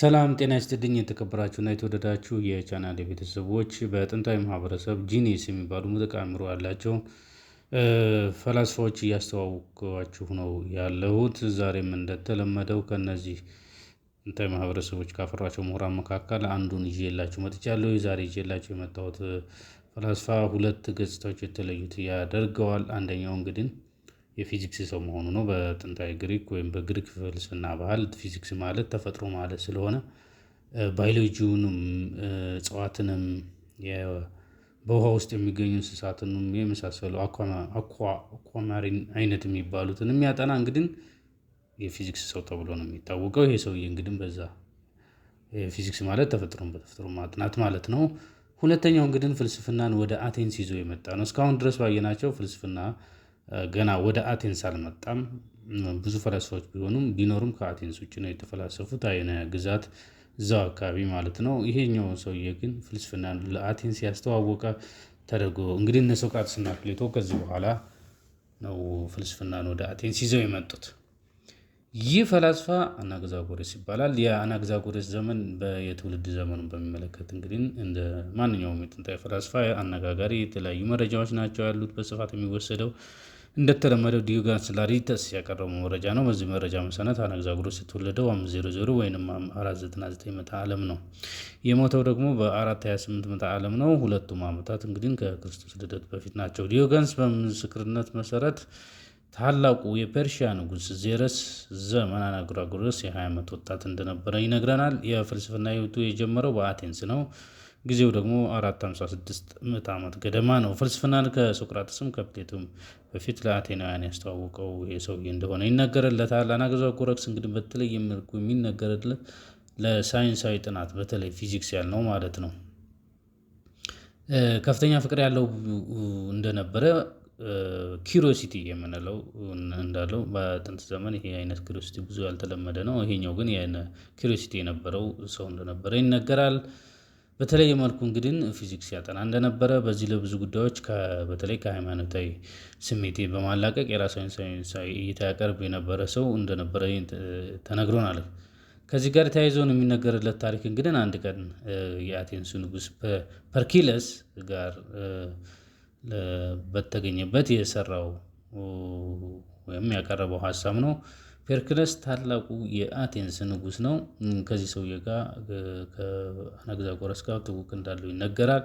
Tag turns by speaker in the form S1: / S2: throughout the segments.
S1: ሰላም ጤና ይስጥልኝ። የተከበራችሁና የተወደዳችሁ የቻናል ቤተሰቦች በጥንታዊ ማህበረሰብ ጂኒስ የሚባሉ ምጡቅ አእምሮ ያላቸው ፈላስፋዎች እያስተዋወቅኳችሁ ነው ያለሁት። ዛሬም እንደተለመደው ከነዚህ ጥንታዊ ማህበረሰቦች ካፈሯቸው ምሁራን መካከል አንዱን ይዤላችሁ መጥቻለሁ። ዛሬ ይዤላችሁ የመጣሁት ፈላስፋ ሁለት ገጽታዎች የተለዩት ያደርገዋል። አንደኛው እንግዲህ የፊዚክስ ሰው መሆኑ ነው። በጥንታዊ ግሪክ ወይም በግሪክ ፍልስፍና ባህል ፊዚክስ ማለት ተፈጥሮ ማለት ስለሆነ ባዮሎጂውንም እጽዋትንም በውሃ ውስጥ የሚገኙ እንስሳትንም የመሳሰሉ አኳማሪን አይነት የሚባሉትን የሚያጠና እንግዲህ የፊዚክስ ሰው ተብሎ ነው የሚታወቀው። ይሄ ሰውዬ እንግዲህ በዛ ፊዚክስ ማለት ተፈጥሮን በተፈጥሮ ማጥናት ማለት ነው። ሁለተኛው እንግዲህ ፍልስፍናን ወደ አቴንስ ይዞ የመጣ ነው። እስካሁን ድረስ ባየናቸው ፍልስፍና ገና ወደ አቴንስ አልመጣም። ብዙ ፈላስፋዎች ቢሆኑም ቢኖሩም ከአቴንስ ውጭ ነው የተፈላሰፉት፣ አይነ ግዛት እዛው አካባቢ ማለት ነው። ይሄኛው ሰውዬ ግን ፍልስፍናን ለአቴንስ ያስተዋወቀ ተደርጎ እንግዲህ እነ ሶቅራጥስና ፕሌቶ ከዚህ በኋላ ነው ፍልስፍናን ወደ አቴንስ ይዘው የመጡት። ይህ ፈላስፋ አናግዛጎረስ ይባላል። የአናግዛጎረስ ዘመን የትውልድ ዘመኑን በሚመለከት እንግዲህ እንደ ማንኛውም የጥንታዊ ፈላስፋ አነጋጋሪ የተለያዩ መረጃዎች ናቸው ያሉት በስፋት የሚወሰደው እንደተለመደው ዲዩጋ አንስላሪ ተስ ያቀረበው መረጃ ነው። በዚህ መረጃ መሰረት አነግዛጉሮ ስትወለደው 500 ወይም 499 መታ ዓለም ነው። የሞተው ደግሞ በ428 መታ ዓለም ነው። ሁለቱም ዓመታት እንግዲህ ከክርስቶስ ልደት በፊት ናቸው። ዲዮጋንስ በምስክርነት መሰረት ታላቁ የፐርሺያ ንጉስ ዜረስ ዘመን አናጉራጉረስ የ20 ዓመት ወጣት እንደነበረ ይነግረናል። የፍልስፍና ሕይወቱ የጀመረው በአቴንስ ነው። ጊዜው ደግሞ 456 ምዕተ ዓመት ገደማ ነው። ፍልስፍናን ከሶቅራጥስም ከፕሌቱም በፊት ለአቴናውያን ያስተዋወቀው ይሄ ሰውዬ እንደሆነ ይነገርለታል። ኮረክስ እንግዲህ በተለይ መልኩ የሚነገርለት ለሳይንሳዊ ጥናት በተለይ ፊዚክስ ያልነው ማለት ነው ከፍተኛ ፍቅር ያለው እንደነበረ ኪሪዮሲቲ የምንለው እንዳለው በጥንት ዘመን ይሄ አይነት ኪሪዮሲቲ ብዙ ያልተለመደ ነው። ይሄኛው ግን ኪሪዮሲቲ የነበረው ሰው እንደነበረ ይነገራል። በተለየ መልኩ እንግዲህ ፊዚክስ ያጠና እንደነበረ በዚህ ለብዙ ጉዳዮች በተለይ ከሃይማኖታዊ ስሜቴ በማላቀቅ የራሳዊን ሳይንሳዊ እይታ ያቀርብ የነበረ ሰው እንደነበረ ተነግሮናል። ከዚህ ጋር ተያይዘውን የሚነገርለት ታሪክ እንግዲህ አንድ ቀን የአቴንሱ ንጉስ ፐርኪለስ ጋር በተገኘበት የሰራው ወይም ያቀረበው ሀሳብ ነው። ፔርክለስ ታላቁ የአቴንስ ንጉስ ነው። ከዚህ ሰውዬ ጋር ከአናግዛጎረስ ጋር ትውቅ እንዳለው ይነገራል።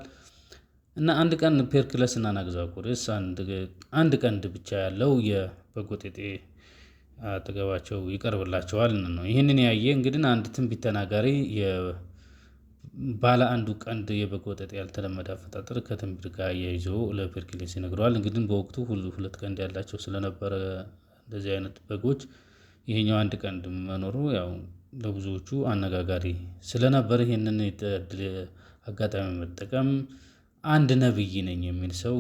S1: እና አንድ ቀን ፔርክለስ እና አናግዛጎረስ አንድ ቀንድ ብቻ ያለው የበጎጤጤ ወጠጤ አጠገባቸው ይቀርብላቸዋል ነው። ይህንን ያየ እንግዲህ አንድ ትንቢት ተናጋሪ ባለ አንዱ ቀንድ የበግ ያልተለመደ አፈጣጠር ከትንቢት ጋር አያይዞ ለፔርክለስ ይነግረዋል። እንግዲህ በወቅቱ ሁለት ቀንድ ያላቸው ስለነበረ እንደዚህ አይነት በጎች ይሄኛው አንድ ቀን መኖሩ ያው ለብዙዎቹ አነጋጋሪ ስለነበር ይህንን እድል አጋጣሚ መጠቀም አንድ ነብይ ነኝ የሚል ሰው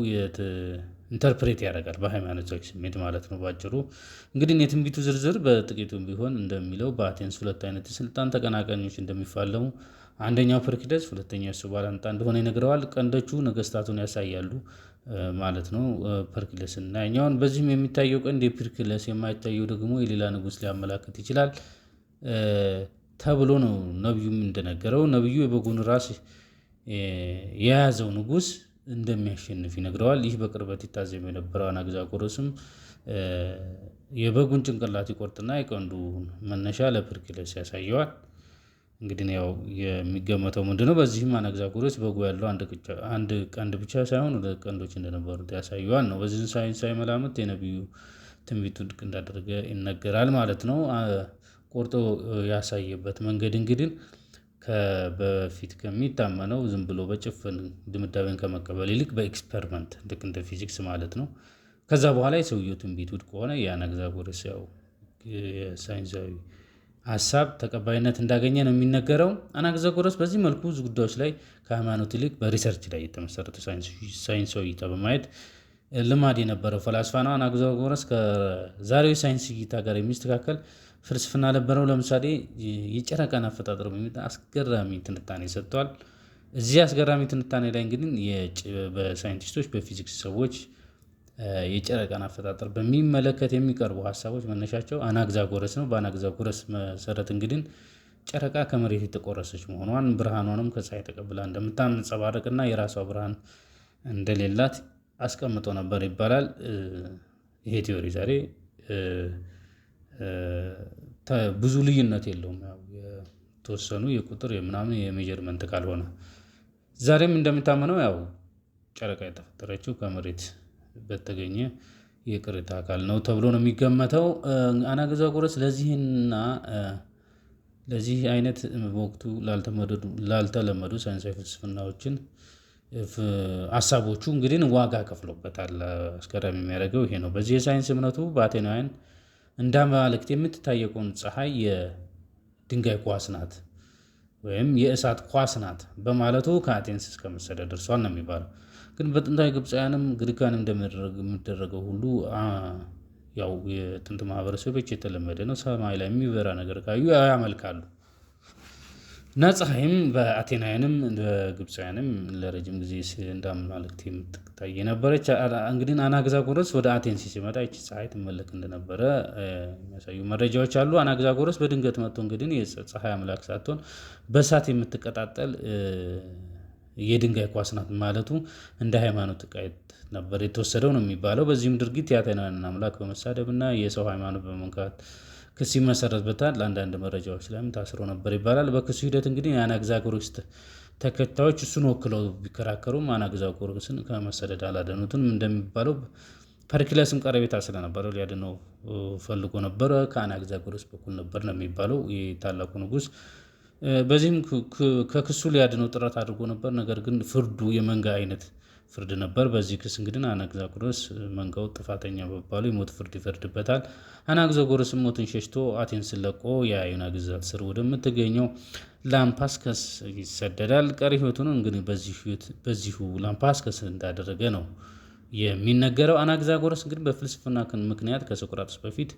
S1: ኢንተርፕሬት ያደርጋል በሃይማኖታዊ ስሜት ማለት ነው። በአጭሩ እንግዲህ የትንቢቱ ዝርዝር በጥቂቱ ቢሆን እንደሚለው በአቴንስ ሁለት አይነት የስልጣን ተቀናቃኞች እንደሚፋለሙ አንደኛው ፐርኪደስ ሁለተኛው እሱ ባላንጣ እንደሆነ ይነግረዋል። ቀንዶቹ ነገስታቱን ያሳያሉ። ማለት ነው ፐርክለስ እና እኛውን በዚህም የሚታየው ቀንድ የፐርክለስ የማይታየው ደግሞ የሌላ ንጉስ ሊያመላክት ይችላል ተብሎ ነው ነቢዩም እንደነገረው ነቢዩ የበጉን ራስ የያዘው ንጉስ እንደሚያሸንፍ ይነግረዋል። ይህ በቅርበት ይታዘም የነበረው አናግዛጎረስም የበጉን ጭንቅላት ይቆርጥና የቀንዱ መነሻ ለፐርክለስ ያሳየዋል። እንግዲህ ያው የሚገመተው ምንድነው? በዚህም አናግዛጎረስ በጎ ያለው አንድ ቀንድ ብቻ ሳይሆን ሁለት ቀንዶች እንደነበሩት ያሳየዋል ነው። በዚህን ሳይንሳዊ መላምት የነቢዩ ትንቢቱ ውድቅ እንዳደረገ ይነገራል ማለት ነው። ቆርጦ ያሳየበት መንገድ እንግዲህ በፊት ከሚታመነው ዝም ብሎ በጭፍን ድምዳቤን ከመቀበል ይልቅ በኤክስፐሪመንት ልክ እንደ ፊዚክስ ማለት ነው። ከዛ በኋላ የሰውየው ትንቢት ውድቅ ከሆነ የአናግዛጎረስ ያው የሳይንሳዊ ሀሳብ ተቀባይነት እንዳገኘ ነው የሚነገረው። አናክዛጎረስ በዚህ መልኩ ብዙ ጉዳዮች ላይ ከሃይማኖት ይልቅ በሪሰርች ላይ የተመሰረተ ሳይንሳዊ እይታ በማየት ልማድ የነበረው ፈላስፋ ነው። አናክዛጎረስ ከዛሬው ሳይንስ እይታ ጋር የሚስተካከል ፍልስፍና ነበረው። ለምሳሌ የጨረቃን አፈጣጠር በሚል አስገራሚ ትንታኔ ሰጥቷል። እዚህ አስገራሚ ትንታኔ ላይ እንግዲህ በሳይንቲስቶች በፊዚክስ ሰዎች የጨረቃን አፈጣጠር በሚመለከት የሚቀርቡ ሀሳቦች መነሻቸው አናግዛጎረስ ነው። በአናግዛጎረስ መሰረት እንግዲህ ጨረቃ ከመሬት የተቆረሰች መሆኗን ብርሃኗንም ከፀሐይ ተቀብላ እንደምታንጸባረቅና የራሷ ብርሃን እንደሌላት አስቀምጦ ነበር ይባላል። ይሄ ቲዎሪ ዛሬ ብዙ ልዩነት የለውም። የተወሰኑ የቁጥር የምናምን የሜጀርመንት ካልሆነ ዛሬም እንደሚታመነው ያው ጨረቃ የተፈጠረችው ከመሬት በተገኘ የቅሪተ አካል ነው ተብሎ ነው የሚገመተው። አናክሳጎረስ ለዚህና ለዚህ አይነት በወቅቱ ላልተለመዱ ሳይንሳዊ ፍልስፍናዎችን ሀሳቦቹ እንግዲህ ዋጋ ከፍሎበታል። አስገራሚ የሚያደርገው ይሄ ነው። በዚህ የሳይንስ እምነቱ በአቴናውያን እንደ አማልክት የምትታየቀውን ፀሐይ የድንጋይ ኳስ ናት ወይም የእሳት ኳስ ናት በማለቱ ከአቴንስ እስከ መሰደድ ደርሷል ነው የሚባለው። ግን በጥንታዊ ግብፃውያንም ግሪካን እንደሚደረገው ሁሉ ያው የጥንት ማህበረሰቦች የተለመደ ነው። ሰማይ ላይ የሚበራ ነገር ካዩ ያመልካሉ እና ፀሐይም በአቴናውያንም በግብፃውያንም ለረጅም ጊዜ እንዳመላክት የምትታይ የነበረች እንግዲህ አናግዛጎረስ ወደ አቴንስ ሲመጣ ይቺ ፀሐይ ትመለክ እንደነበረ የሚያሳዩ መረጃዎች አሉ። አናግዛጎረስ በድንገት መጥቶ እንግዲህ የፀሐይ አምላክ ሳትሆን በእሳት የምትቀጣጠል የድንጋይ ኳስ ናት ማለቱ እንደ ሃይማኖት ዕቃየት ነበር የተወሰደው ነው የሚባለው። በዚህም ድርጊት የአቴናን አምላክ በመሳደብ በመሳደብና የሰው ሃይማኖት በመንካት ክስ ይመሰረትበታል። አንዳንድ መረጃዎች ላይም ታስሮ ነበር ይባላል። በክሱ ሂደት እንግዲህ የአናግዛጎረስ ተከታዮች እሱን ወክለው ቢከራከሩም አናግዛጎረስን ከመሰደድ አላደኑትም። እንደሚባለው ፐርኪለስም ቀረቤታ ስለነበረ ሊያድነው ፈልጎ ነበረ። ከአናግዛጎረስ በኩል ነበር ነው የሚባለው የታላቁ ንጉስ በዚህም ከክሱ ሊያድነው ጥረት አድርጎ ነበር። ነገር ግን ፍርዱ የመንጋ አይነት ፍርድ ነበር። በዚህ ክስ እንግዲህ አናግዛጎረስ መንጋው ጥፋተኛ በመባሉ የሞት ፍርድ ይፈርድበታል። አናግዛጎረስም ሞትን ሸሽቶ አቴንስን ለቆ የአዩና ግዛት ስር ወደምትገኘው ላምፓስከስ ይሰደዳል። ቀሪ ሕይወቱን እንግዲህ በዚሁ ላምፓስከስ እንዳደረገ ነው የሚነገረው። አናግዛጎረስ እንግዲህ በፍልስፍና ምክንያት ከሶቅራጥስ በፊት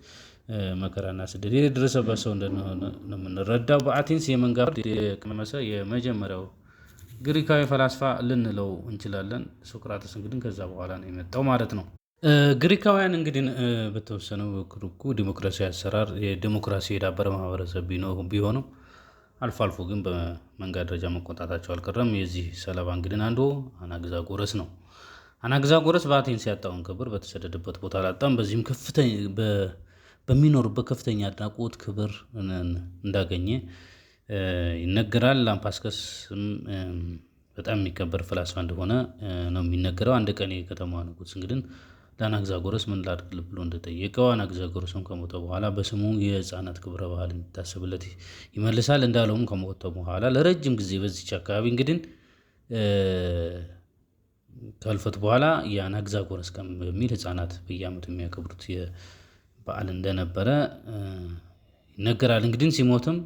S1: መከራና ስደት የደረሰበት ሰው እንደሆነ ነው የምንረዳው። በአቴንስ የመንጋ ፍርድ የቀመሰ የመጀመሪያው ግሪካዊ ፈላስፋ ልንለው እንችላለን። ሶክራተስ እንግዲህ ከዛ በኋላ ነው የመጣው ማለት ነው። ግሪካውያን እንግዲህ በተወሰነ ክርኩ ዲሞክራሲያዊ አሰራር የዲሞክራሲ የዳበረ ማህበረሰብ ቢሆንም አልፎ አልፎ ግን በመንጋ ደረጃ መቆጣታቸው አልቀረም። የዚህ ሰለባ እንግዲህ አንዱ አናግዛጎረስ ነው። አናግዛጎረስ በአቴንስ ያጣውን ክብር በተሰደደበት ቦታ አላጣም። በዚህም ከፍተኛ በሚኖሩበት ከፍተኛ አድናቆት፣ ክብር እንዳገኘ ይነገራል። አምፓስከስም በጣም የሚከበር ፍላስፋ እንደሆነ ነው የሚነገረው። አንድ ቀን የከተማዋ ንጉስ እንግዲን ለአናግዛጎረስ ምን ላድርግልህ ብሎ እንደጠየቀው አናግዛጎረስም ከሞተ በኋላ በስሙ የህፃናት ክብረ በዓል እንዲታሰብለት ይመልሳል። እንዳለውም ከሞተ በኋላ ለረጅም ጊዜ በዚች አካባቢ እንግዲን ከህልፈት በኋላ የአናግዛጎረስ ቀን በሚል ህፃናት በየዓመቱ የሚያከብሩት በዓል እንደነበረ ይነገራል። እንግዲህ ሲሞትም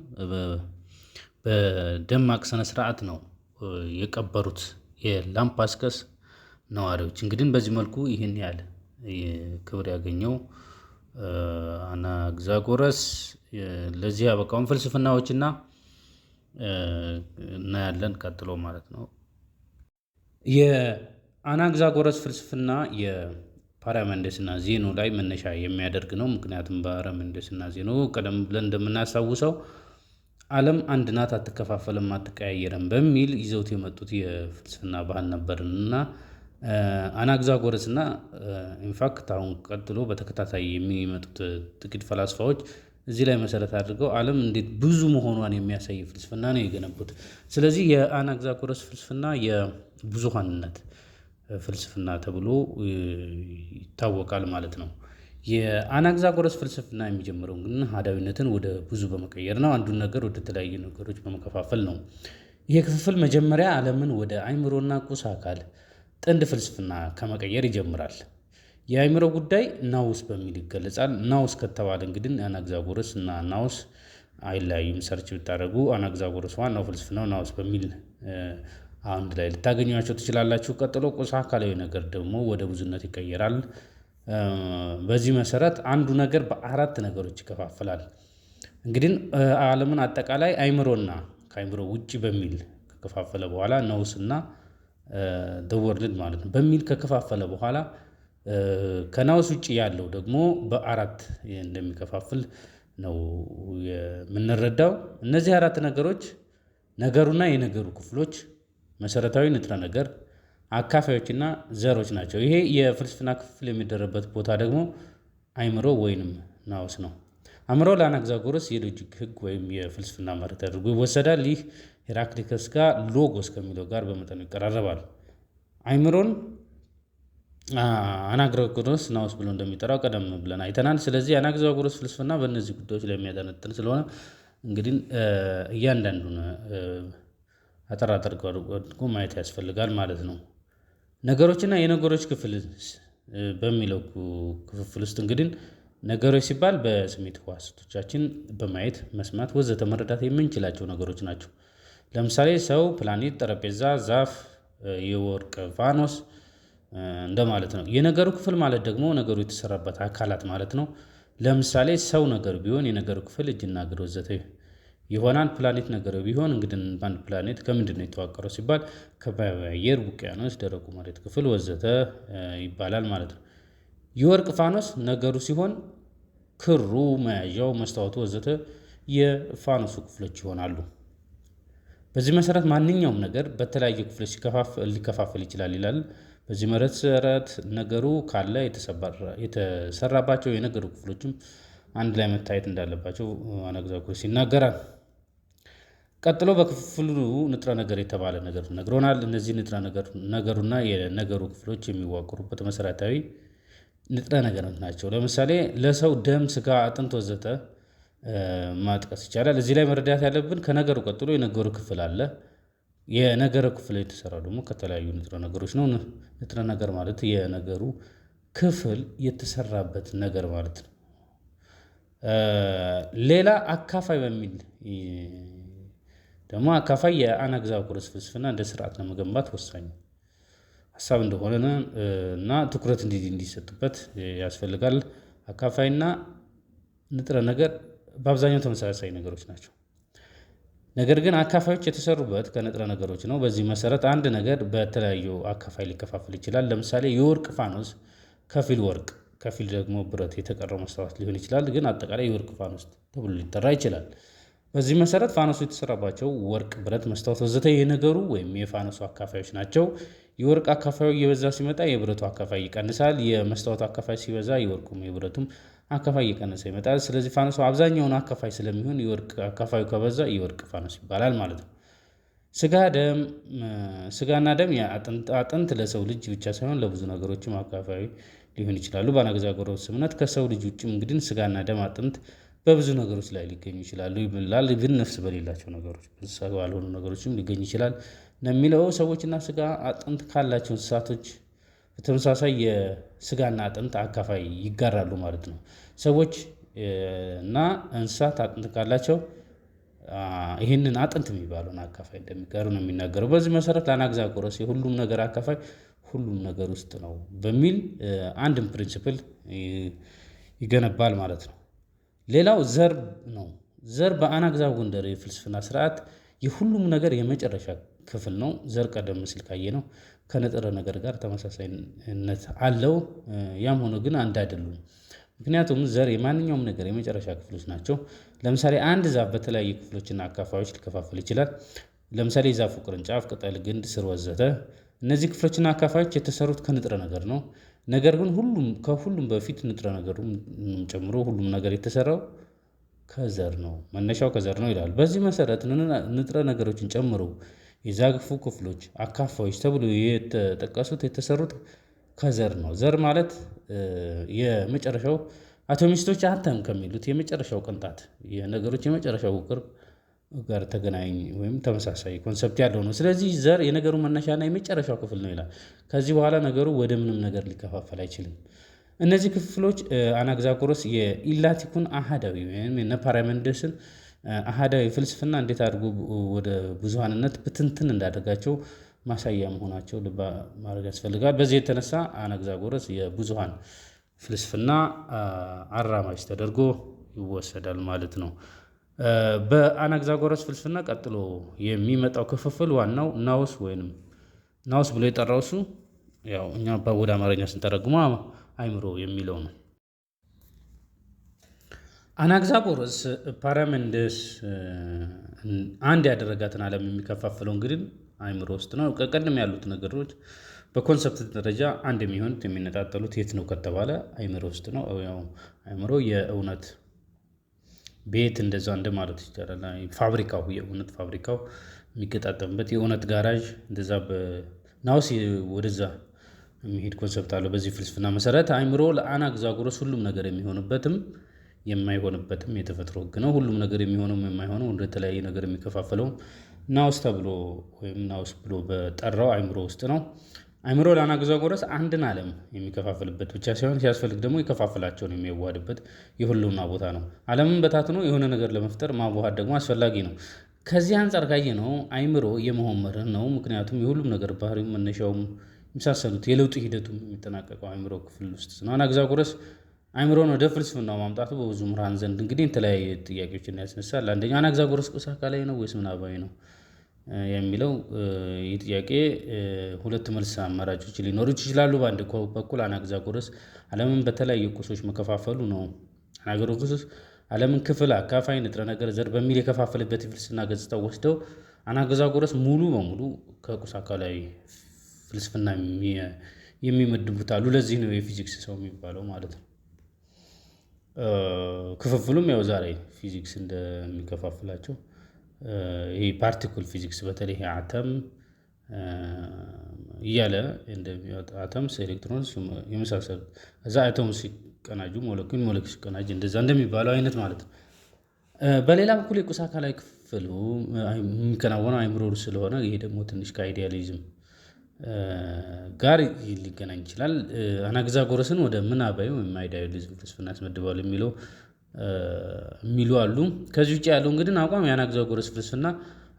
S1: በደማቅ ስነ ስርዓት ነው የቀበሩት የላምፓስከስ ነዋሪዎች። እንግዲህ በዚህ መልኩ ይህን ያህል ክብር ያገኘው አናግዛጎረስ ለዚህ ያበቃውን ፍልስፍናዎችና እናያለን ቀጥሎ ማለት ነው። የአናግዛጎረስ ፍልስፍና መንደስና ዜኖ ላይ መነሻ የሚያደርግ ነው። ምክንያቱም መንደስና ዜኖ ቀደም ብለን እንደምናስታውሰው ዓለም አንድ ናት፣ አትከፋፈልም፣ አትቀያየርም በሚል ይዘውት የመጡት የፍልስፍና ባህል ነበርና አናግዛጎረስና ኢንፋክት አሁን ቀጥሎ በተከታታይ የሚመጡት ጥቂት ፈላስፋዎች እዚህ ላይ መሰረት አድርገው ዓለም እንዴት ብዙ መሆኗን የሚያሳይ ፍልስፍና ነው የገነቡት። ስለዚህ የአናግዛጎረስ ፍልስፍና የብዙሃንነት ፍልስፍና ተብሎ ይታወቃል ማለት ነው። የአናግዛጎረስ ፍልስፍና የሚጀምረው ግን አህዳዊነትን ወደ ብዙ በመቀየር ነው። አንዱን ነገር ወደ ተለያዩ ነገሮች በመከፋፈል ነው። ይህ ክፍፍል መጀመሪያ ዓለምን ወደ አይምሮና ቁስ አካል ጥንድ ፍልስፍና ከመቀየር ይጀምራል። የአይምሮ ጉዳይ ናውስ በሚል ይገለጻል። ናውስ ከተባለ እንግዲህ አናግዛጎረስ እና ናውስ አይለያዩም። ሰርች ብታደርጉ አናግዛጎረስ ዋናው ፍልስፍናው ናውስ በሚል አንድ ላይ ልታገኟቸው ትችላላችሁ። ቀጥሎ ቁሳ አካላዊ ነገር ደግሞ ወደ ብዙነት ይቀየራል። በዚህ መሰረት አንዱ ነገር በአራት ነገሮች ይከፋፈላል። እንግዲህ ዓለምን አጠቃላይ አይምሮና ከአይምሮ ውጭ በሚል ከከፋፈለ በኋላ ነውስና ደወርልድ ማለት ነው በሚል ከከፋፈለ በኋላ ከናውስ ውጭ ያለው ደግሞ በአራት እንደሚከፋፍል ነው የምንረዳው። እነዚህ አራት ነገሮች ነገሩና የነገሩ ክፍሎች መሰረታዊ ንጥረ ነገር አካፋዮችና ዘሮች ናቸው። ይሄ የፍልስፍና ክፍል የሚደረበት ቦታ ደግሞ አይምሮ ወይንም ናውስ ነው። አእምሮ ለአናክዛጎረስ የሎጂክ ህግ ወይም የፍልስፍና መሪ ተደርጎ ይወሰዳል። ይህ ሄራክሊተስ ጋር ሎጎስ ከሚለው ጋር በመጠኑ ይቀራረባል። አይምሮን አናክዛጎረስ ናውስ ብሎ እንደሚጠራው ቀደም ብለን አይተናል። ስለዚህ አናክዛጎረስ ፍልስፍና በእነዚህ ጉዳዮች ላይ የሚያጠነጥን ስለሆነ እንግዲህ እያንዳንዱን አጠር አድርጎ ማየት ያስፈልጋል ማለት ነው። ነገሮችና የነገሮች ክፍል በሚለው ክፍፍል ውስጥ እንግዲህ ነገሮች ሲባል በስሜት ህዋሳቶቻችን በማየት መስማት፣ ወዘተ መረዳት የምንችላቸው ነገሮች ናቸው። ለምሳሌ ሰው፣ ፕላኔት፣ ጠረጴዛ፣ ዛፍ፣ የወርቅ ቫኖስ እንደማለት ነው። የነገሩ ክፍል ማለት ደግሞ ነገሩ የተሰራበት አካላት ማለት ነው። ለምሳሌ ሰው ነገር ቢሆን የነገሩ ክፍል እጅና እግር ወዘተ የሆናን ፕላኔት ነገር ቢሆን እንግዲህ በአንድ ፕላኔት ከምንድን ነው የተዋቀረው ሲባል ከባቢ ውቅያኖስ፣ ደረቁ መሬት ክፍል ወዘተ ይባላል ማለት ነው። የወርቅ ፋኖስ ነገሩ ሲሆን ክሩ፣ መያዣው፣ መስታወቱ ወዘተ የፋኖሱ ክፍሎች ይሆናሉ። በዚህ መሰረት ማንኛውም ነገር በተለያዩ ክፍሎች ሊከፋፈል ይችላል ይላል። በዚህ መሰረት ነገሩ ካለ የተሰራባቸው የነገሩ ክፍሎችም አንድ ላይ መታየት እንዳለባቸው አነግዛጎ ይናገራል። ቀጥሎ በክፍሉ ንጥረ ነገር የተባለ ነገር ነግሮናል። እነዚህ ንጥረ ነገር ነገሩና የነገሩ ክፍሎች የሚዋቀሩበት መሰረታዊ ንጥረ ነገሮች ናቸው። ለምሳሌ ለሰው ደም፣ ስጋ፣ አጥንት ወዘተ ማጥቀስ ይቻላል። እዚህ ላይ መረዳት ያለብን ከነገሩ ቀጥሎ የነገሩ ክፍል አለ። የነገረ ክፍል የተሰራው ደግሞ ከተለያዩ ንጥረ ነገሮች ነው። ንጥረ ነገር ማለት የነገሩ ክፍል የተሰራበት ነገር ማለት ነው። ሌላ አካፋይ በሚል ደግሞ አካፋይ የአናግዛጎረስ ፍልስፍና እንደ ስርዓት ለመገንባት ወሳኝ ሀሳብ እንደሆነ እና ትኩረት እንዲሰጥበት ያስፈልጋል። አካፋይና ንጥረ ነገር በአብዛኛው ተመሳሳይ ነገሮች ናቸው። ነገር ግን አካፋዮች የተሰሩበት ከንጥረ ነገሮች ነው። በዚህ መሰረት አንድ ነገር በተለያዩ አካፋይ ሊከፋፈል ይችላል። ለምሳሌ የወርቅ ፋኖስ ከፊል ወርቅ፣ ከፊል ደግሞ ብረት፣ የተቀረው መስታወት ሊሆን ይችላል። ግን አጠቃላይ የወርቅ ፋኖስ ተብሎ ሊጠራ ይችላል። በዚህ መሰረት ፋኖሱ የተሰራባቸው ወርቅ፣ ብረት፣ መስታወት ወዘተ የነገሩ ወይም የፋኖሱ አካፋዮች ናቸው። የወርቅ አካፋዩ እየበዛ ሲመጣ የብረቱ አካፋይ ይቀንሳል። የመስታወቱ አካፋይ ሲበዛ የወርቁም የብረቱም አካፋይ እየቀነሰ ይመጣል። ስለዚህ ፋኖሱ አብዛኛውን አካፋይ ስለሚሆን የወርቅ አካፋዩ ከበዛ የወርቅ ፋኖስ ይባላል ማለት ነው። ስጋ ደም ስጋና ደም አጥንት ለሰው ልጅ ብቻ ሳይሆን ለብዙ ነገሮችም አካፋዊ ሊሆን ይችላሉ። በአናገዛጎረው ስምነት ከሰው ልጅ ውጭም እንግዲህ ስጋና ደም አጥንት በብዙ ነገሮች ላይ ሊገኙ ይችላሉ ይላል። ግን ነፍስ በሌላቸው ነገሮች እንስሳ ባልሆኑ ነገሮችም ሊገኝ ይችላል እንደሚለው ሰዎችና ስጋ አጥንት ካላቸው እንስሳቶች በተመሳሳይ የስጋና አጥንት አካፋይ ይጋራሉ ማለት ነው። ሰዎች እና እንስሳት አጥንት ካላቸው ይህንን አጥንት የሚባለውን አካፋይ እንደሚጋሩ ነው የሚናገረው። በዚህ መሰረት ለአናግዛጎረስ የሁሉም ነገር አካፋይ ሁሉም ነገር ውስጥ ነው በሚል አንድም ፕሪንስፕል ይገነባል ማለት ነው። ሌላው ዘር ነው። ዘር በአናግዛብ ጎንደር የፍልስፍና ስርዓት የሁሉም ነገር የመጨረሻ ክፍል ነው። ዘር ቀደም ሲል ነው ከንጥረ ነገር ጋር ተመሳሳይነት አለው። ያም ሆኖ ግን አንድ አይደሉም። ምክንያቱም ዘር የማንኛውም ነገር የመጨረሻ ክፍሎች ናቸው። ለምሳሌ አንድ ዛፍ በተለያዩ ክፍሎችና አካፋዮች ሊከፋፈል ይችላል። ለምሳሌ የዛፉ ቅርንጫፍ፣ ቅጠል፣ ግንድ፣ ስር ወዘተ። እነዚህ ክፍሎችና አካፋዮች የተሰሩት ከንጥረ ነገር ነው። ነገር ግን ሁሉም ከሁሉም በፊት ንጥረ ነገሩም ጨምሮ ሁሉም ነገር የተሰራው ከዘር ነው፣ መነሻው ከዘር ነው ይላል። በዚህ መሰረት ንጥረ ነገሮችን ጨምሮ የዛግፉ ክፍሎች አካፋዎች ተብሎ የተጠቀሱት የተሰሩት ከዘር ነው። ዘር ማለት የመጨረሻው አቶሚስቶች አተም ከሚሉት የመጨረሻው ቅንጣት የነገሮች የመጨረሻው ቅርብ ጋር ተገናኝ ወይም ተመሳሳይ ኮንሰፕት ያለው ነው። ስለዚህ ዘር የነገሩ መነሻና የመጨረሻው ክፍል ነው ይላል። ከዚህ በኋላ ነገሩ ወደ ምንም ነገር ሊከፋፈል አይችልም። እነዚህ ክፍሎች አናግዛጎረስ የኢላቲኩን አሃዳዊ ወይም የነፓራሜንደስን አሃዳዊ ፍልስፍና እንዴት አድርጎ ወደ ብዙሃንነት ብትንትን እንዳደርጋቸው ማሳያ መሆናቸው ልብ ማድረግ ያስፈልጋል። በዚህ የተነሳ አናግዛጎረስ የብዙሃን ፍልስፍና አራማጅ ተደርጎ ይወሰዳል ማለት ነው። በአናግዛጎረስ ፍልስፍና ቀጥሎ የሚመጣው ክፍፍል ዋናው ናውስ ወይንም ናውስ ብሎ የጠራው እሱ ያው እኛ ወደ አማርኛ ስንተረጉሞ አይምሮ የሚለው ነው። አናግዛጎረስ ፓራመንደስ አንድ ያደረጋትን ዓለም የሚከፋፍለው እንግዲህ አይምሮ ውስጥ ነው። ቀደም ያሉት ነገሮች በኮንሰፕት ደረጃ አንድ የሚሆኑት የሚነጣጠሉት የት ነው ከተባለ አይምሮ ውስጥ ነው። ያው አይምሮ የእውነት ቤት እንደዛ እንደ ማለት ይቻላል። ፋብሪካው የእውነት ፋብሪካው የሚገጣጠምበት የእውነት ጋራዥ እንደዛ ናውስ ወደዛ የሚሄድ ኮንሰፕት አለው። በዚህ ፍልስፍና መሰረት ለአና ለአናክሳጎረስ ሁሉም ነገር የሚሆንበትም የማይሆንበትም የተፈጥሮ ህግ ነው። ሁሉም ነገር የሚሆነውም የማይሆነው ወደ ተለያየ ነገር የሚከፋፈለው ናውስ ተብሎ ወይም ናውስ ብሎ በጠራው አይምሮ ውስጥ ነው። አእምሮ ላናክሳጎረስ አንድን ዓለም የሚከፋፍልበት ብቻ ሳይሆን ሲያስፈልግ ደግሞ የከፋፍላቸውን የሚያዋድበት የህልውና ቦታ ነው። ዓለምን በታትኖ የሆነ ነገር ለመፍጠር ማዋሃድ ደግሞ አስፈላጊ ነው። ከዚህ አንጻር ካየ ነው አይምሮ የመሆን መርህ ነው። ምክንያቱም የሁሉም ነገር ባህሪውም፣ መነሻውም የመሳሰሉት የለውጡ ሂደቱም የሚጠናቀቀው አይምሮ ክፍል ውስጥ ነው። አናክሳጎረስ አእምሮን ወደ ፍልስፍናው ማምጣቱ በብዙ ምርሃን ዘንድ እንግዲህ የተለያዩ ጥያቄዎችን ያስነሳል። አንደኛው አናክሳጎረስ ቁስ አካላዊ ነው ወይስ ምናባዊ ነው? የሚለው ይህ ጥያቄ ሁለት መልስ አማራጮች ሊኖሩ ይችላሉ። በአንድ በኩል አናክሳጎረስ አለምን በተለያዩ ቁሶች መከፋፈሉ ነው። አናክሳጎረስ አለምን ክፍል፣ አካፋይ፣ ንጥረ ነገር፣ ዘር በሚል የከፋፈለበት የፍልስፍና ገጽታ ወስደው አናክሳጎረስ ሙሉ በሙሉ ከቁስ አካላዊ ፍልስፍና የሚመድቡት አሉ። ለዚህ ነው የፊዚክስ ሰው የሚባለው ማለት ነው። ክፍፍሉም ያው ዛሬ ፊዚክስ እንደሚከፋፍላቸው ይህ ፓርቲክል ፊዚክስ በተለይ አተም እያለ እንደሚወጣ አተምስ ኤሌክትሮንስ የመሳሰሉ እዛ አቶም ሲቀናጁ ሞለኪል ሞለኪል ሲቀናጅ እንደዛ እንደሚባለው አይነት ማለት ነው። በሌላ በኩል የቁስ አካላዊ ክፍሉ የሚከናወነው አይምሮ ስለሆነ ይሄ ደግሞ ትንሽ ከአይዲያሊዝም ጋር ሊገናኝ ይችላል። አናግዛጎረስን ወደ ምናባዊ ወይም አይዲያሊዝም ፍልስፍና ያስመድባል የሚለው የሚሉ አሉ። ከዚህ ውጭ ያለው እንግዲህ አቋም የአናክዛጎረስ ፍልስፍና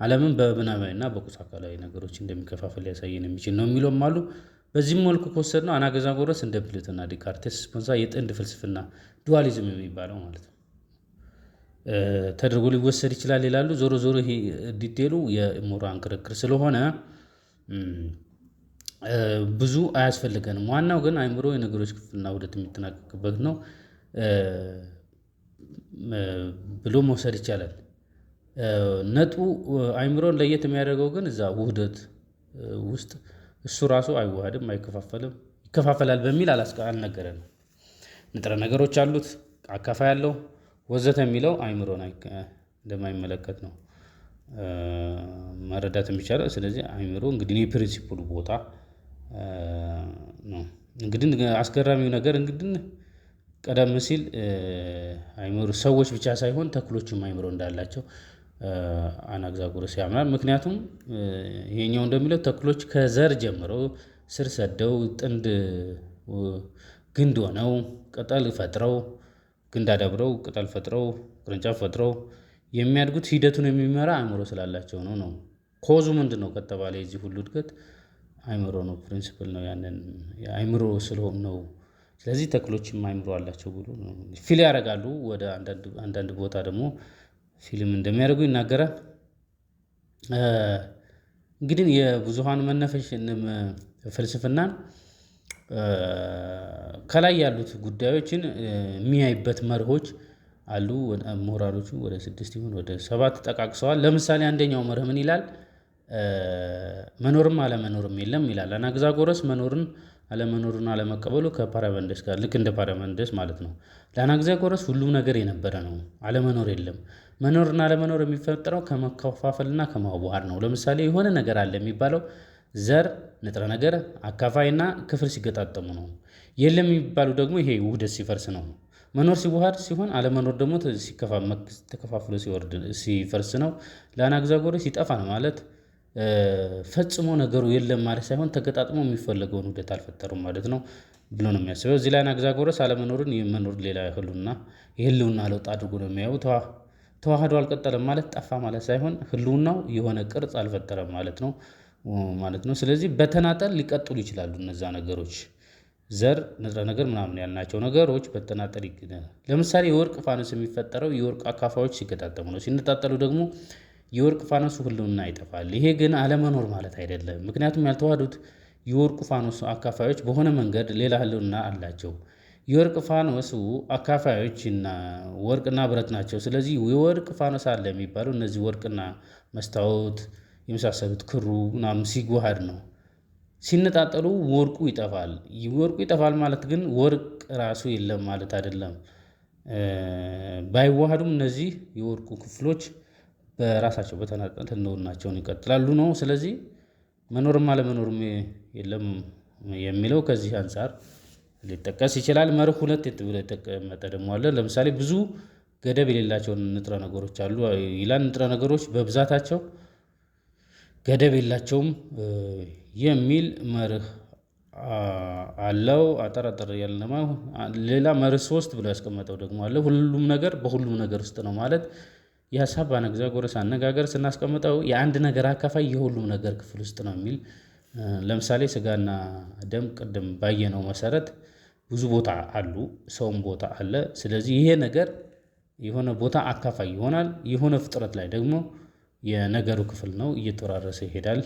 S1: ዓለምን በምናባዊና በቁስ አካላዊ ነገሮች እንደሚከፋፈል ሊያሳየን የሚችል ነው የሚለውም አሉ። በዚህም መልኩ ከወሰድነው አናክዛጎረስ እንደ ፕሌቶና ዲካርቴስ ስፖንሳ የጥንድ ፍልስፍና ዱዋሊዝም የሚባለው ማለት ነው ተደርጎ ሊወሰድ ይችላል ይላሉ። ዞሮ ዞሮ ይሄ ዲቴሉ የምሁራን ክርክር ስለሆነ ብዙ አያስፈልገንም። ዋናው ግን አይምሮ የነገሮች ክፍልና ውደት የሚጠናቀቅበት ነው። ብሎ መውሰድ ይቻላል። ነጡ አይምሮን ለየት የሚያደርገው ግን እዛ ውህደት ውስጥ እሱ ራሱ አይዋሃድም፣ አይከፋፈልም። ይከፋፈላል በሚል አልነገረንም። ንጥረ ነገሮች አሉት፣ አካፋ ያለው ወዘተ የሚለው አይምሮን እንደማይመለከት ነው መረዳት የሚቻለው። ስለዚህ አይምሮ እንግዲህ የፕሪንሲፕሉ ቦታ ነው። እንግዲህ አስገራሚው ነገር እንግዲህ ቀደም ሲል አይምሮ ሰዎች ብቻ ሳይሆን ተክሎችም አይምሮ እንዳላቸው አናክሳጎረስ ያምናል። ምክንያቱም ይሄኛው እንደሚለው ተክሎች ከዘር ጀምረው ስር ሰደው ጥንድ ግንድ ሆነው ቅጠል ፈጥረው ግንድ አዳብረው ቅጠል ፈጥረው ቅርንጫፍ ፈጥረው የሚያድጉት ሂደቱን የሚመራ አይምሮ ስላላቸው ነው ነው ኮዙ ምንድን ነው ከተባለ የዚህ ሁሉ እድገት አይምሮ ነው፣ ፕሪንሲፕል ነው። ያንን አይምሮ ስለሆነ ነው ስለዚህ ተክሎች አእምሮ አላቸው ብሎ ፊል ያደርጋሉ። ወደ አንዳንድ ቦታ ደግሞ ፊልም እንደሚያደርጉ ይናገራል። እንግዲህ የብዙሃኑ መነፈሽ ፍልስፍናን ከላይ ያሉት ጉዳዮችን የሚያይበት መርሆች አሉ። ምሁራኖቹ ወደ ስድስት ይሁን ወደ ሰባት ጠቃቅሰዋል። ለምሳሌ አንደኛው መርህ ምን ይላል? መኖርም አለመኖርም የለም ይላል አናግዛጎረስ መኖርን አለመኖሩን አለመቀበሉ ከፓራመንደስ ጋር ልክ እንደ ፓራመንደስ ማለት ነው። ለአናክሲያጎረስ ሁሉም ነገር የነበረ ነው፣ አለመኖር የለም። መኖርና አለመኖር የሚፈጠረው ከመከፋፈልና ከማዋሃድ ነው። ለምሳሌ የሆነ ነገር አለ የሚባለው ዘር፣ ንጥረ ነገር፣ አካፋይና ክፍል ሲገጣጠሙ ነው። የለም የሚባሉ ደግሞ ይሄ ውህደት ሲፈርስ ነው። መኖር ሲዋሃድ ሲሆን አለመኖር ደግሞ ተከፋፍሎ ሲወርድ ሲፈርስ ነው። ለአናክሲያጎረስ ይጠፋል ማለት ፈጽሞ ነገሩ የለም ማለት ሳይሆን ተገጣጥሞ የሚፈለገውን ውህደት አልፈጠሩም ማለት ነው ብሎ ነው የሚያስበው። እዚህ ላይ አናክሳጎረስ አለመኖርን የመኖር ሌላ ህልውና የህልውና ለውጥ አድርጎ ነው የሚያየው። ተዋህዶ አልቀጠለም ማለት ጠፋ ማለት ሳይሆን ህልውናው የሆነ ቅርጽ አልፈጠረም ማለት ነው ማለት ነው። ስለዚህ በተናጠል ሊቀጥሉ ይችላሉ እነዛ ነገሮች ዘር፣ ንጥረ ነገር ምናምን ያልናቸው ነገሮች በተናጠል ለምሳሌ የወርቅ ፋኖስ የሚፈጠረው የወርቅ አካፋዎች ሲገጣጠሙ ነው። ሲነጣጠሉ ደግሞ የወርቅ ፋኖስ ሁሉና ይጠፋል። ይሄ ግን አለመኖር ማለት አይደለም። ምክንያቱም ያልተዋሃዱት የወርቁ ፋኖስ አካፋዮች በሆነ መንገድ ሌላ ህልውና አላቸው። የወርቅ ፋኖሱ አካፋዮች ወርቅና ብረት ናቸው። ስለዚህ የወርቅ ፋኖስ አለ የሚባለው እነዚህ ወርቅና መስታወት የመሳሰሉት ክሩ ምናምን ሲዋሃድ ነው። ሲነጣጠሉ ወርቁ ይጠፋል። ወርቁ ይጠፋል ማለት ግን ወርቅ ራሱ የለም ማለት አይደለም። ባይዋሃዱም እነዚህ የወርቁ ክፍሎች በራሳቸው በተናጠልነውናቸውን ይቀጥላሉ ነው። ስለዚህ መኖርም አለመኖርም የለም የሚለው ከዚህ አንጻር ሊጠቀስ ይችላል። መርህ ሁለት ብሎ የተቀመጠ ደግሞ አለ። ለምሳሌ ብዙ ገደብ የሌላቸውን ንጥረ ነገሮች አሉ ይላል። ንጥረ ነገሮች በብዛታቸው ገደብ የላቸውም የሚል መርህ አለው። አጠራጠር ያለማ ሌላ መርህ ሶስት ብሎ ያስቀመጠው ደግሞ አለ። ሁሉም ነገር በሁሉም ነገር ውስጥ ነው ማለት የሀሳብ አነግዛጎረስ አነጋገር ስናስቀምጠው የአንድ ነገር አካፋይ የሁሉም ነገር ክፍል ውስጥ ነው የሚል ለምሳሌ ስጋና ደም ቅድም ባየነው መሰረት ብዙ ቦታ አሉ፣ ሰውም ቦታ አለ። ስለዚህ ይሄ ነገር የሆነ ቦታ አካፋይ ይሆናል። የሆነ ፍጥረት ላይ ደግሞ የነገሩ ክፍል ነው፣ እየተወራረሰ ይሄዳል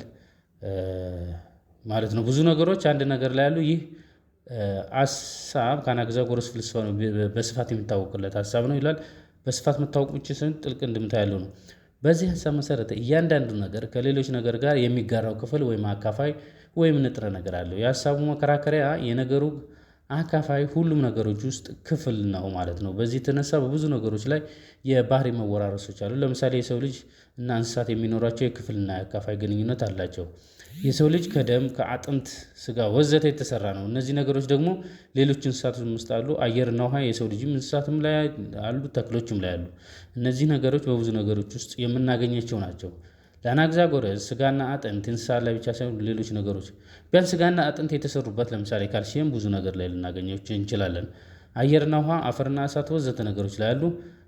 S1: ማለት ነው። ብዙ ነገሮች አንድ ነገር ላይ አሉ። ይህ ሀሳብ ከአናክሳጎረስ ፍልስፍና በስፋት የሚታወቅለት ሀሳብ ነው ይላል። በስፋት መታወቅ ብቻ ሳይሆን ጥልቅ እንድምታ ያለው ነው። በዚህ ሀሳብ መሰረት እያንዳንዱ ነገር ከሌሎች ነገር ጋር የሚጋራው ክፍል ወይም አካፋይ ወይም ንጥረ ነገር አለው። የሀሳቡ መከራከሪያ የነገሩ አካፋይ ሁሉም ነገሮች ውስጥ ክፍል ነው ማለት ነው። በዚህ የተነሳ በብዙ ነገሮች ላይ የባህሪ መወራረሶች አሉ። ለምሳሌ የሰው ልጅ እና እንስሳት የሚኖራቸው የክፍልና የአካፋይ ግንኙነት አላቸው። የሰው ልጅ ከደም ከአጥንት፣ ስጋ ወዘተ የተሰራ ነው። እነዚህ ነገሮች ደግሞ ሌሎች እንስሳትም ውስጥ አሉ። አየርና ውሃ የሰው ልጅም እንስሳትም ላይ አሉ፣ ተክሎችም ላይ አሉ። እነዚህ ነገሮች በብዙ ነገሮች ውስጥ የምናገኛቸው ናቸው። ለአናክሳጎረስ ስጋና አጥንት እንስሳ ላይ ብቻ ሳይሆን ሌሎች ነገሮች ቢያንስ ስጋና አጥንት የተሰሩበት ለምሳሌ ካልሲየም ብዙ ነገር ላይ ልናገኘው እንችላለን። አየርና ውሃ፣ አፈርና እሳት ወዘተ ነገሮች ላይ አሉ።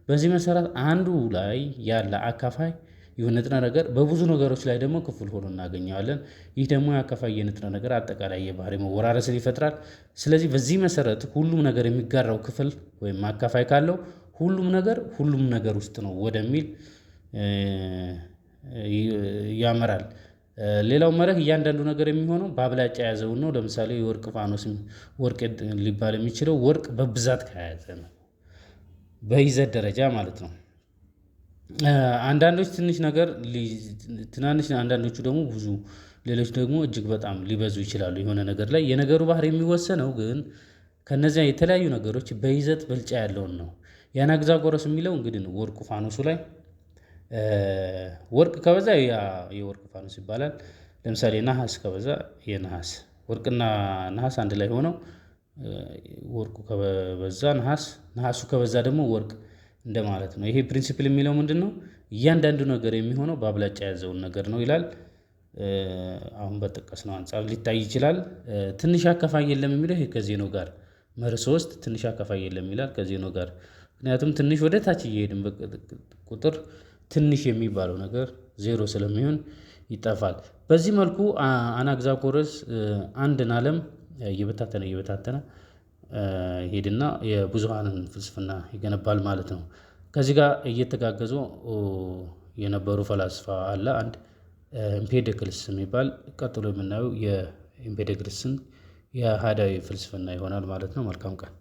S1: በዚህ መሰረት አንዱ ላይ ያለ አካፋይ ይሁን ንጥረ ነገር በብዙ ነገሮች ላይ ደግሞ ክፍል ሆኖ እናገኘዋለን። ይህ ደግሞ የአካፋይ የንጥረ ነገር አጠቃላይ የባህሪ መወራረስን ይፈጥራል። ስለዚህ በዚህ መሰረት ሁሉም ነገር የሚጋራው ክፍል ወይም አካፋይ ካለው ሁሉም ነገር ሁሉም ነገር ውስጥ ነው ወደሚል ያመራል። ሌላው መርህ እያንዳንዱ ነገር የሚሆነው በአብላጫ የያዘውን ነው። ለምሳሌ የወርቅ ፋኖስ ወርቅ ሊባል የሚችለው ወርቅ በብዛት ከያዘ ነው። በይዘት ደረጃ ማለት ነው። አንዳንዶች ትንሽ ነገር ትናንሽ፣ አንዳንዶቹ ደግሞ ብዙ፣ ሌሎች ደግሞ እጅግ በጣም ሊበዙ ይችላሉ የሆነ ነገር ላይ። የነገሩ ባህር የሚወሰነው ግን ከነዚያ የተለያዩ ነገሮች በይዘት ብልጫ ያለውን ነው። የአናግዛጎረስ የሚለው እንግዲህ ነው ወርቁ ፋኖሱ ላይ ወርቅ ከበዛ የወርቅ ፋኖስ ይባላል። ለምሳሌ ነሐስ ከበዛ የነሐስ ወርቅና ነሐስ አንድ ላይ ሆነው ወርቁ ከበዛ ነሐስ፣ ነሐሱ ከበዛ ደግሞ ወርቅ እንደማለት ነው። ይሄ ፕሪንሲፕል የሚለው ምንድን ነው? እያንዳንዱ ነገር የሚሆነው በአብላጫ የያዘውን ነገር ነው ይላል። አሁን ነው አንጻር ሊታይ ይችላል። ትንሽ አካፋይ የለም የሚለው ይሄ ከዜኖ ጋር መር ሶስት ትንሽ አካፋይ የለም ይላል ከዜኖ ጋር። ምክንያቱም ትንሽ ወደ ታች እየሄድን ቁጥር ትንሽ የሚባለው ነገር ዜሮ ስለሚሆን ይጠፋል። በዚህ መልኩ አናግዛጎረስ አንድን አለም እየበታተነ እየበታተነ ሄድና የብዙሃንን ፍልስፍና ይገነባል ማለት ነው። ከዚህ ጋር እየተጋገዙ የነበሩ ፈላስፋ አለ አንድ ኢምፔደክልስ የሚባል ቀጥሎ የምናየው የኢምፔደክልስን የአሃዳዊ ፍልስፍና ይሆናል ማለት ነው። መልካም ቀን